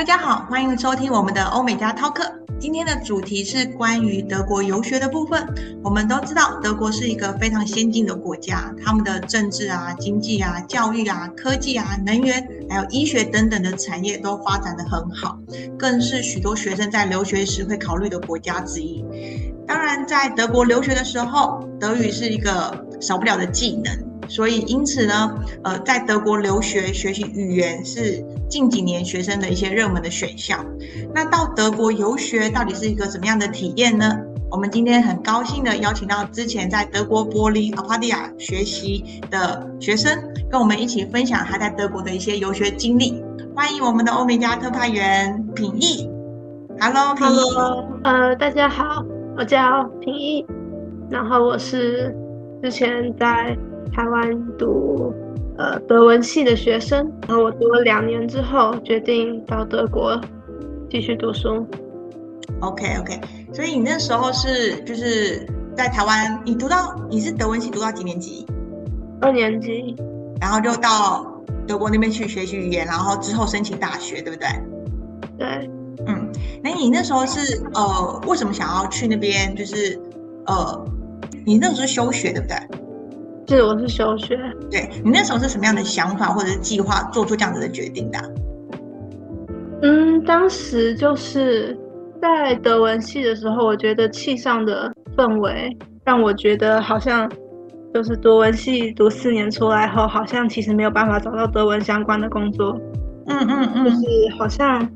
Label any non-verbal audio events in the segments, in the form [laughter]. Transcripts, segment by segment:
大家好，歡迎收聽我們的歐美加 Talker。今天的主題是關於德國遊學的部分。我們都知道，德國是一個非常先進的國家，他們的政治啊、經濟啊、教育啊、科技啊、能源還有醫學等等的產業都發展得很好，更是許多學生在留學時會考慮的國家之一。當然，在德國留學的時候，德語是一個少不了的技能，所以因此呢，呃，在德國留學學習語言是近幾年學生的一些熱門的選項，那到德國遊學到底是一個什麼樣的體驗呢？我們今天很高興的邀請到之前在德國柏林阿帕蒂亞學習的學生，跟我們一起分享他在德國的一些遊學經歷。歡迎我們的歐美加特派員品逸。Hello，Hello，Hello, 呃，大家好，我叫品逸，然後我是之前在台灣讀。德文系的學生，然後我讀了兩年之後，決定到德國繼續讀書。OK OK，所以你那時候是就是在台灣，你讀到你是德文系讀到幾年級？二年級，然後就到德國那邊去學習語言，然後之後申請大學，對不對？對，嗯，那你那時候是呃，為什麼想要去那邊？就是呃，你那時候休學，對不對？是，我是休學。對，你那時候是什麼樣的想法或者是計劃，做出這樣子的決定的？啊？嗯，當時就是在德文系的時候，我覺得系上的氛圍讓我覺得好像，就是德文系讀四年出來後，好像其實沒有辦法找到德文相關的工作。嗯嗯嗯，嗯嗯，就是好像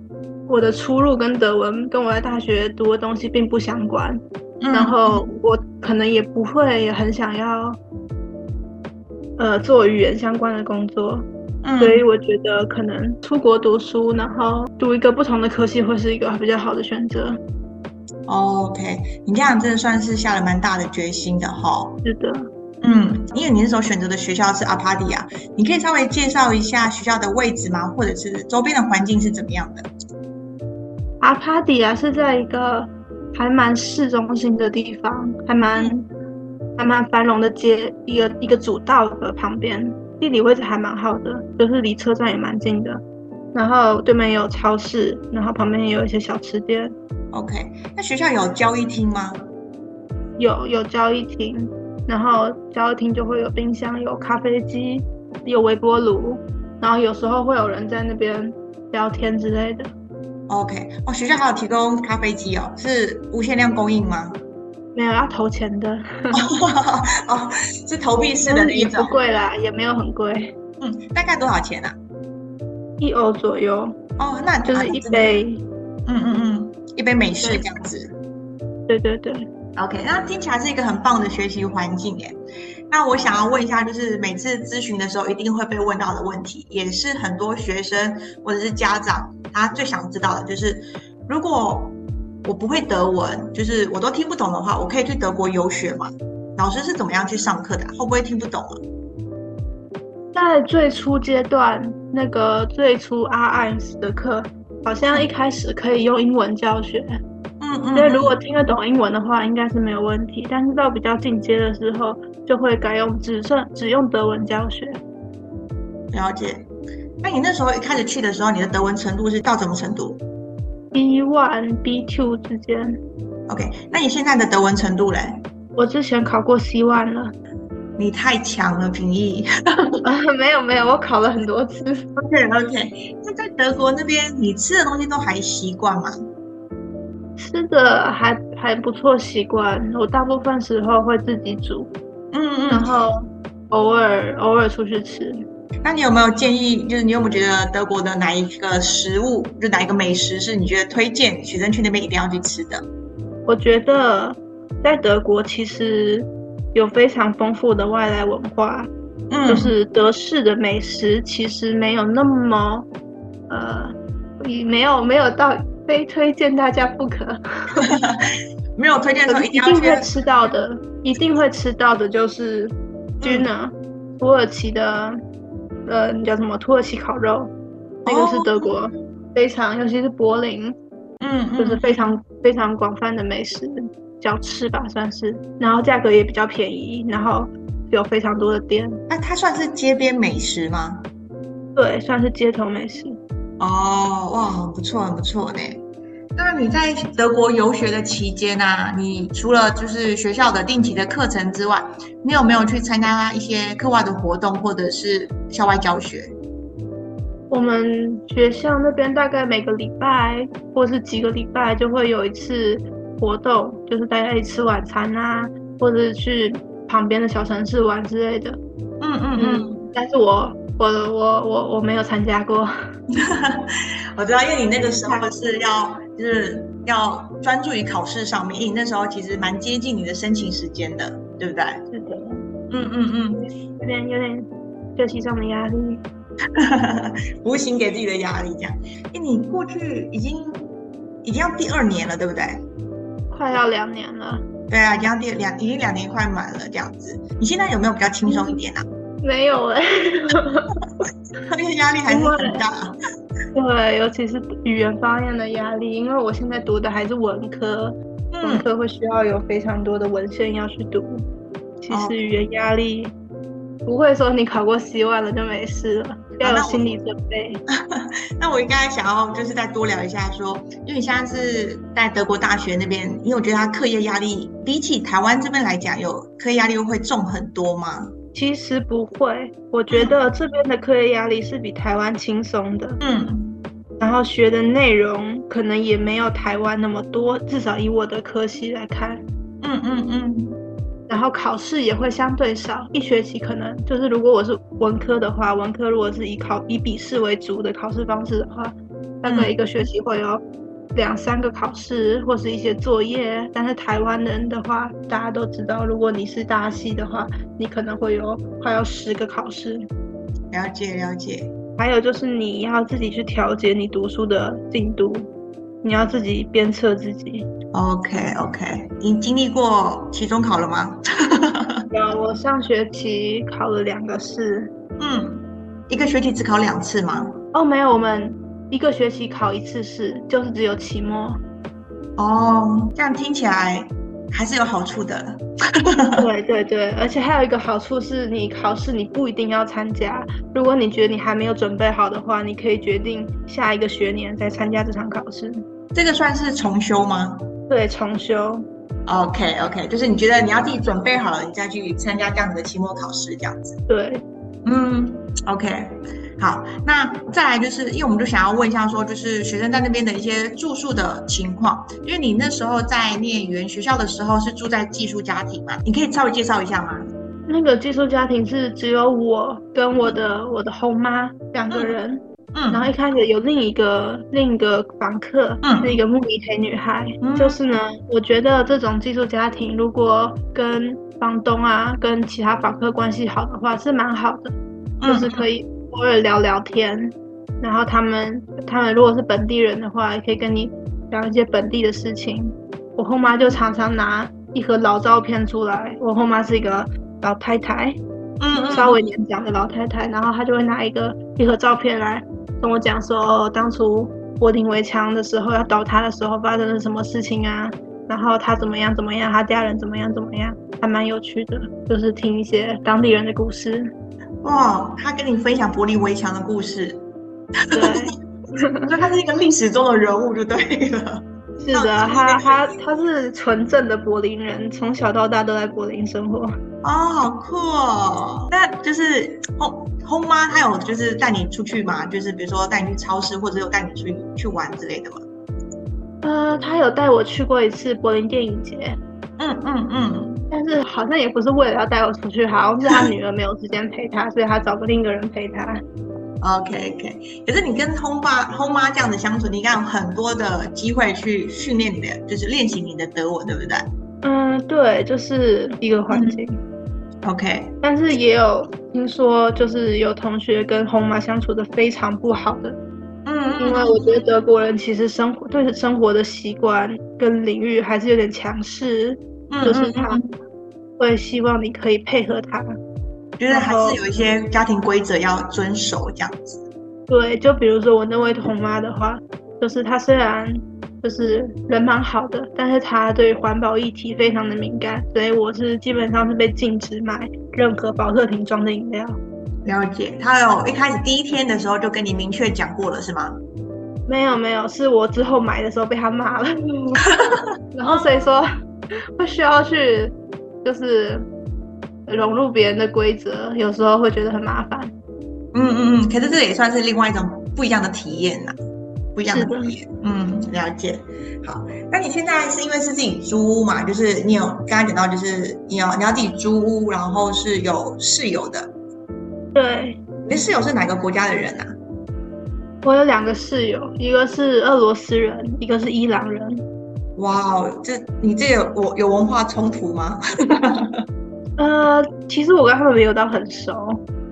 我的出路跟德文跟我在大學讀的東西並不相關，嗯、然後我可能也不會也很想要。呃，做語言相關的工作，嗯、所以我覺得可能出國讀書，然後讀一個不同的科系，會是一個比較好的選擇。OK，你這樣真的算是下了蠻大的決心的齁。是的，嗯，因為你那時候選擇的學校是阿帕迪亞，你可以稍微介紹一下學校的位置嗎？或者是周邊的環境是怎麼樣的？阿帕迪亞是在一個還蠻市中心的地方，還蠻、嗯。還蠻繁榮的街，一個一個主道的旁邊，地理位置還蠻好的，就是離車站也蠻近的。然後對面有超市，然後旁邊也有一些小吃店。OK，那學校有交誼廳嗎？有有交誼廳，然後交誼廳就會有冰箱、有咖啡機、有微波爐，然後有時候會有人在那邊聊天之類的。OK，哦，學校還有提供咖啡機哦，是無限量供應嗎？嗯沒有要投錢的。 [laughs] 哦，哦，是投幣式的那一種，也不貴啦，也沒有很貴。嗯，大概多少錢呢？啊。一歐左右。哦，那就是一杯。啊，嗯嗯嗯，一杯美式這樣子。對，對對對。OK，那聽起來是一個很棒的學習環境耶。那我想要問一下，就是每次諮詢的時候一定會被問到的問題，也是很多學生或者是家長他最想知道的，就是如果我不會德文，就是我都聽不懂的話，我可以去德國遊學嗎？老師是怎麼樣去上課的啊？會不會聽不懂了？在最初階段，那個最初 RS 的課，好像一開始可以用英文教學，嗯嗯，因為如果聽得懂英文的話，應該是沒有問題。但是到比較進階的時候，就會改用只剩只用德文教學。了解。那你那時候一開始去的時候，你的德文程度是到什麼程度？B one, B two 之間。OK，那你現在的德文程度嘞？我之前考過 C one 了。你太強了，品逸。 [laughs] [laughs] 沒有沒有，我考了很多次。OK OK，那在德國那邊，你吃的東西都還習慣嗎？吃的還還不錯，習慣。我大部分時候會自己煮，嗯，嗯，然後偶爾偶爾出去吃。那你有沒有建議？就是你有沒有覺得德國的哪一個食物，就哪一個美食是你覺得推薦學生去那邊一定要去吃的？我覺得在德國其實有非常豐富的外來文化，嗯、就是德式的美食其實沒有那麼，呃，也沒有沒有到非推薦大家不可， [laughs] 沒有推薦的一,一定會吃到的，一定會吃到的就是 Döner、嗯、土耳其的。呃，叫什麼？土耳其烤肉，哦，那個是德國非常，尤其是柏林，嗯，嗯，就是非常非常廣泛的美食小吃吧，算是。然後價格也比較便宜，然後有非常多的店。那它，啊，算是街邊美食嗎？對，算是街頭美食。哦，哇，很不錯，很不錯呢。那你在德國遊學的期間啊，你除了就是學校的定期的課程之外，你有沒有去參加一些課外的活動或者是校外教學？我們學校那邊大概每個禮拜或是幾個禮拜就會有一次活動，就是大家一起吃晚餐啊，或者去旁邊的小城市玩之類的。嗯嗯嗯，嗯嗯但是我我我我我沒有參加過， [laughs] 我知道，因為你那個時候是要。就是要專注於考試上面，因為你那時候其實蠻接近你的申請時間的，對不對？是的，嗯嗯嗯，嗯有點有點學習上的壓力， [laughs] 無形給自己的壓力，這樣。因為你過去已經已經要第二年了，對不對？快要兩年了。對啊，已經要第兩已經兩年快滿了這樣子，你現在有沒有比較輕鬆一點啊？嗯沒有哎，他那個壓力還是很大 [laughs] 對對。對，對，尤其是語言方面的壓力，因為我現在讀的還是文科，嗯、文科會需要有非常多的文獻要去讀。其實語言壓力、哦、不會說你考過 C 外了就沒事了，啊、要有心理準備那。那我應該想要就是再多聊一下，說，因為你現在是在德國大學那邊，因為我覺得他課業壓力比起台灣這邊來講，有課業壓力會重很多嗎？其實不會，我覺得這邊的學業壓力是比台灣輕鬆的。嗯，然後學的內容可能也沒有台灣那麼多，至少以我的科系來看。嗯嗯嗯，嗯嗯，然後考試也會相對少，一學期可能就是，如果我是文科的話，文科如果是以考以筆試為主的考試方式的話，大概一個學期會有、哦。嗯兩三個考試或是一些作業，但是台灣人的話，大家都知道，如果你是大系的話，你可能會有快要十個考試。了解了解。了解，還有就是你要自己去調節你讀書的進度，你要自己鞭策自己。OK OK。你經歷過期中考了嗎？ [laughs] 有，我上學期考了兩個試。嗯，一個學期只考兩次嗎？哦，沒有，我們。一個學期考一次試，就是只有期末。哦，這樣聽起來還是有好處的。 [laughs] 對對對，而且還有一個好處是，你考試你不一定要參加。如果你覺得你還沒有準備好的話，你可以決定下一個學年再參加這場考試。這個算是重修嗎？對，重修。OK OK，就是你覺得你要自己準備好了，你再去參加這樣的期末考試，這樣子。對，嗯，OK。好，那再來就是因為我們就想要問一下說，說就是學生在那邊的一些住宿的情況。因為你那時候在念語言學校的時候是住在寄宿家庭嘛，你可以稍微介紹一下嗎？那個寄宿家庭是只有我跟我的我的後媽兩個人，嗯，嗯然後一開始有另一個另一個房客是、嗯、一個慕尼黑女孩，嗯、就是呢，我覺得這種寄宿家庭如果跟房東啊跟其他房客關係好的話是蠻好的，就是可以。偶爾聊聊天，然後他們他們如果是本地人的話，也可以跟你聊一些本地的事情。我後媽就常常拿一盒老照片出來。我後媽是一個老太太，嗯，嗯，嗯，稍微年長的老太太，然後她就會拿一個一盒照片來跟我講說，哦，當初柏林圍牆的時候要倒塌的時候發生了什麼事情啊，然後她怎麼樣怎麼樣，她家人怎麼樣怎麼樣，還蠻有趣的，就是聽一些當地人的故事。哦，他跟你分享柏林圍牆的故事，對，就 [laughs] 他是一個歷史中的人物就對了。是的，他他他是純正的柏林人，從小到大都在柏林生活。哦，好酷哦！那就是轟轟媽，她有就是帶你出去嘛，就是比如說帶你去超市，或者有帶你去去玩之類的嗎？呃，他有帶我去過一次柏林電影節，嗯。嗯嗯嗯。但是好像也不是為了要帶我出去，好像是他女兒沒有時間陪他， [laughs] 所以他找個另一個人陪他。OK OK。可是你跟轟爸、轟媽這樣的相處，你應該有很多的機會去訓練你的，就是練習你的德文，對不對？嗯，對，就是一個環境。嗯、OK。但是也有聽說，就是有同學跟轟媽相處的非常不好的。嗯,嗯。因為我覺得德國人其實生活對生活的習慣跟領域還是有點強勢。嗯嗯。就是他。我也希望你可以配合他，覺得還是有一些家庭規則要遵守這樣子。對，就比如說我那位同媽的話，就是他雖然就是人蠻好的，但是他對環保議題非常的敏感，所以我是基本上是被禁止買任何保特瓶裝的飲料。了解，他有一開始第一天的時候就跟你明確講過了是嗎？沒有沒有，是我之後買的時候被他罵了， [laughs] 然後所以說不需要去。就是融入別人的規則，有時候會覺得很麻煩。嗯嗯嗯，可是這也算是另外一種不一樣的體驗吶、啊，不一樣的體驗。的嗯，了解。好，那你現在是因為是自己租屋嘛？就是你有剛才講到，就是你要你要自己租，然後是有室友的。對。你的室友是哪個國家的人吶、啊？我有兩個室友，一個是俄羅斯人，一個是伊朗人。哇，wow，這你這有我有文化衝突嗎？ [laughs] 呃，其實我跟他們沒有到很熟，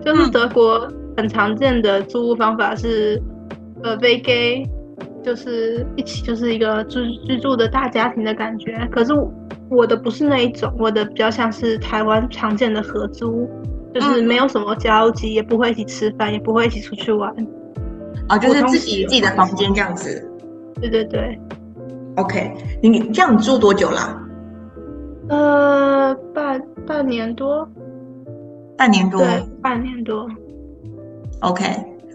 就是德國很常見的租屋方法是，嗯、呃，WG 就是一起就是一個住居住的大家庭的感覺。可是我的不是那一種，我的比較像是台灣常見的合租，就是沒有什麼交集，嗯、也不會一起吃飯，也不會一起出去玩。啊，就是自己自己的房間這樣子。對對對。OK，你這樣住多久了？呃，半半年多，半年多，對，半年多。年多 OK，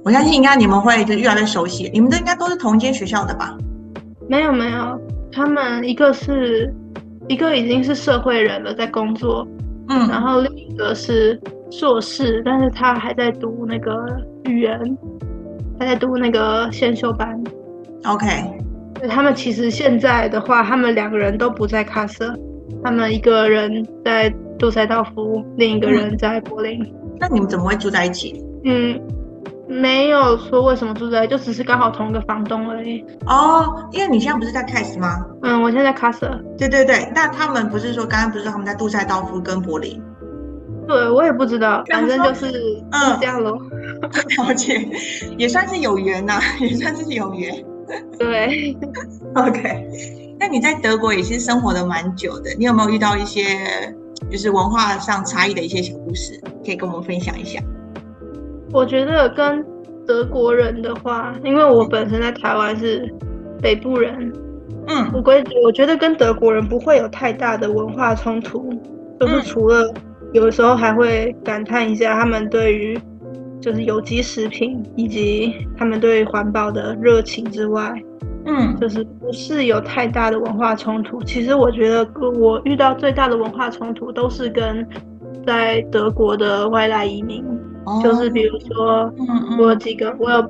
我相信應該你們會就越來越熟悉。你們都應該都是同一間學校的吧？沒有沒有，他們一個是一個已經是社會人了，在工作，嗯，然後另一個是碩士，但是他還在讀那個語言，還在讀那個先修班。OK。他們其實現在的話，他們兩個人都不在卡塞爾。他們一個人在杜塞道夫，另一個人在柏林。嗯、那你們怎麼會住在一起？嗯，沒有說為什麼住在一起，就只是剛好同一個房東而已。哦，因為你現在不是在卡塞爾嗎？嗯，我現在在卡塞爾。對對對，那他們不是說剛剛不是說他們在杜塞道夫跟柏林？對，我也不知道，反正就是嗯就是這樣嘍、嗯。不了解，也算是有緣吶，啊，也算是有緣。對，OK，那你在德國也是生活了蠻久的，你有沒有遇到一些就是文化上差異的一些小故事，可以跟我們分享一下？我覺得跟德國人的話，因為我本身在台灣是北部人，嗯，我我覺得跟德國人不會有太大的文化衝突，就是除了有時候還會感嘆一下他們對於。就是有機食品以及他們對環保的熱情之外，嗯，就是不是有太大的文化衝突。其實我覺得我遇到最大的文化衝突都是跟在德國的外來移民，哦、就是比如說，嗯嗯，我有幾個，我有，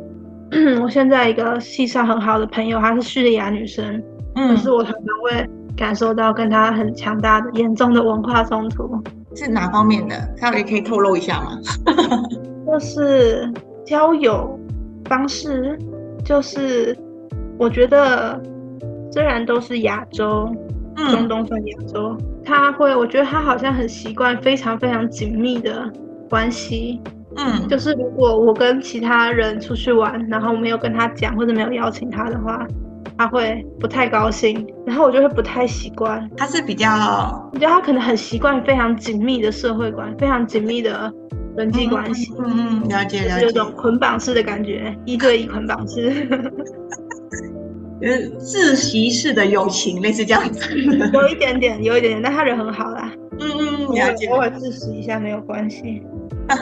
我現在一個系上很好的朋友，她是敘利亞女生，但、嗯、是我可能會感受到跟她很強大的嚴重的文化衝突。是哪方面的？她也可以透露一下嗎？ [laughs] 就是交友方式，就是我覺得雖然都是亞洲，中、嗯、東算亞洲，他會我覺得他好像很習慣非常非常緊密的關係，嗯，就是如果我跟其他人出去玩，然後沒有跟他講或者沒有邀請他的話，他會不太高興，然後我就會不太習慣。他是比較、哦，我覺得他可能很習慣非常緊密的社會觀，非常緊密的。人際關係，嗯嗯，了解了解，有種捆綁式的感覺，嗯、一對一捆綁式，嗯，自習式的友情類似這樣子，有一點點，有一點點，但他人很好啦，嗯嗯，了解，偶爾自習一下沒有關係，嗯、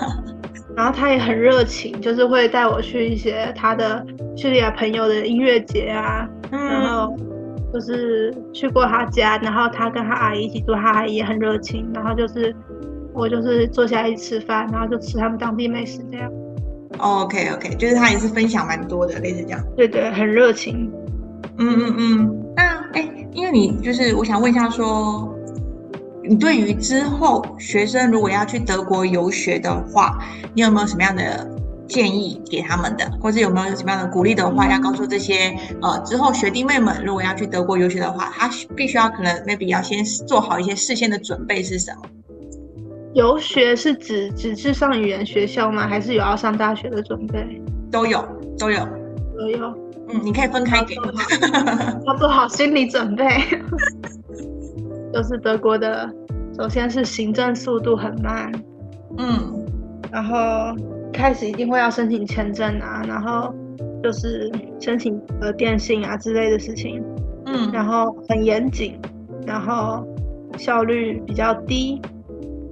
然後他也很熱情，就是會帶我去一些他的敘利亞朋友的音樂節啊，嗯、然後就是去過他家，然後他跟他阿姨一起住，他阿姨也很熱情，然後就是。我就是坐下來吃飯，然後就吃他們當地美食這樣。OK OK，就是他也是分享蠻多的，類似這樣。對對，很熱情。嗯嗯嗯。那欸，因為你就是我想問一下說你對於之後學生如果要去德國遊學的話，你有沒有什麼樣的建議給他們的，或是有沒有什麼樣的鼓勵的話，嗯，要告訴這些呃之後學弟妹們，如果要去德國遊學的話，他必須要可能 maybe 要先做好一些事先的準備是什麼？遊學是指只是上語言學校嗎？還是有要上大學的準備？都有，都有，都有。嗯，你可以分開給嗎？要做好心理準備。 [laughs] 就是德國的，首先是行政速度很慢。嗯，嗯。然後開始一定會要申請簽證啊，然後就是申請呃電信啊之類的事情。嗯。然後很嚴謹，然後效率比較低。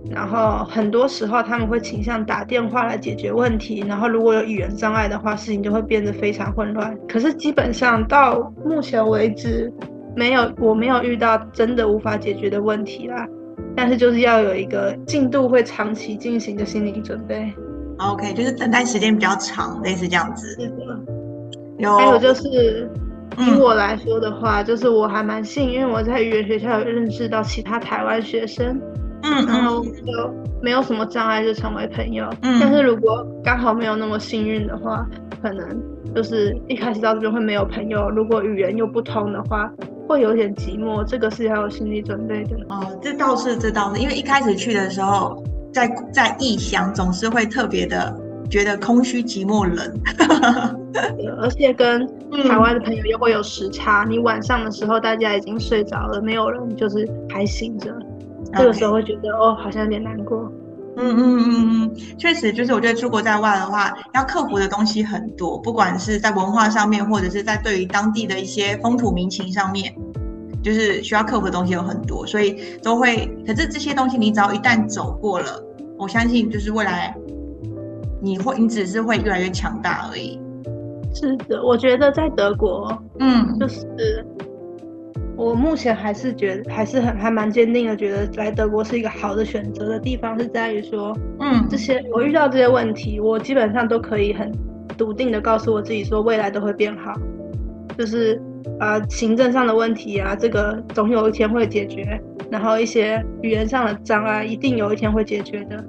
然後很多時候他們會傾向打電話來解決問題，然後如果有語言障礙的話，事情就會變得非常混亂。可是基本上到目前為止，沒有我沒有遇到真的無法解決的問題啦。但是就是要有一個進度會長期進行的心理準備。OK，就是等待時間比較長，類似這樣子。是的。有。還有就是，以我來說的話，嗯。就是我還蠻幸運，因為我在語言學校有認識到其他台灣學生。嗯，然後就沒有什麼障礙就成為朋友。嗯、但是如果剛好沒有那麼幸運的話，嗯、可能就是一開始到這邊會沒有朋友。如果語言又不通的話，會有點寂寞。這個是要有心理準備的。哦、嗯，這倒是，這倒是，因為一開始去的時候，在在異鄉總是會特別的覺得空虛、寂寞、冷 [laughs] 而且跟台灣的朋友又會有時差，嗯、你晚上的時候大家已經睡着了，沒有人就是還醒着。Okay. 這個時候會覺得哦，好像有點難過。嗯嗯嗯嗯，確實，就是我覺得出國在外的話，要克服的東西很多，不管是在文化上面，或者是在對於當地的一些風土民情上面，就是需要克服的東西有很多。所以都會，可是這些東西你只要一旦走過了，我相信就是未來你會，你只是會越來越強大而已。是的，我覺得在德國，嗯，就是。我目前還是覺得還是很還蠻堅定的，覺得來德國是一個好的選擇的地方是在於說，嗯，這些我遇到這些問題，我基本上都可以很篤定的告訴我自己說未來都會變好，就是，呃，行政上的問題啊，這個總有一天會解決，然後一些語言上的障礙一定有一天會解決的，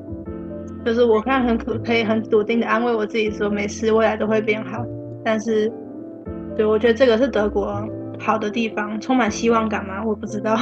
就是我看很可可以很篤定的安慰我自己說沒事，未來都會變好。但是，對，我覺得這個是德國。好的地方充滿希望感嗎？我不知道。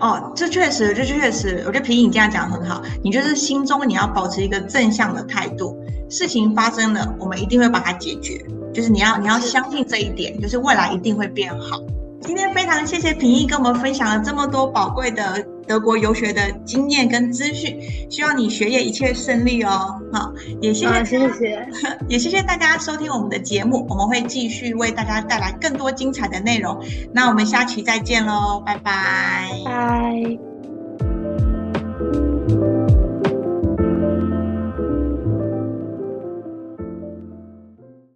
哦，這確實，這確實，我覺得品逸你這樣講很好。你就是心中你要保持一個正向的態度，事情發生了，我們一定會把它解決。就是你要你要相信這一點，是就是未來一定會變好。今天非常謝謝品逸跟我們分享了這麼多寶貴的。德國遊學的經驗跟資訊，希望你學業一切順利哦！好也謝謝，啊，謝謝。也謝謝大家收聽我們的節目，我們會繼續為大家帶來更多精彩的內容。那我們下期再見嘍，拜拜，拜。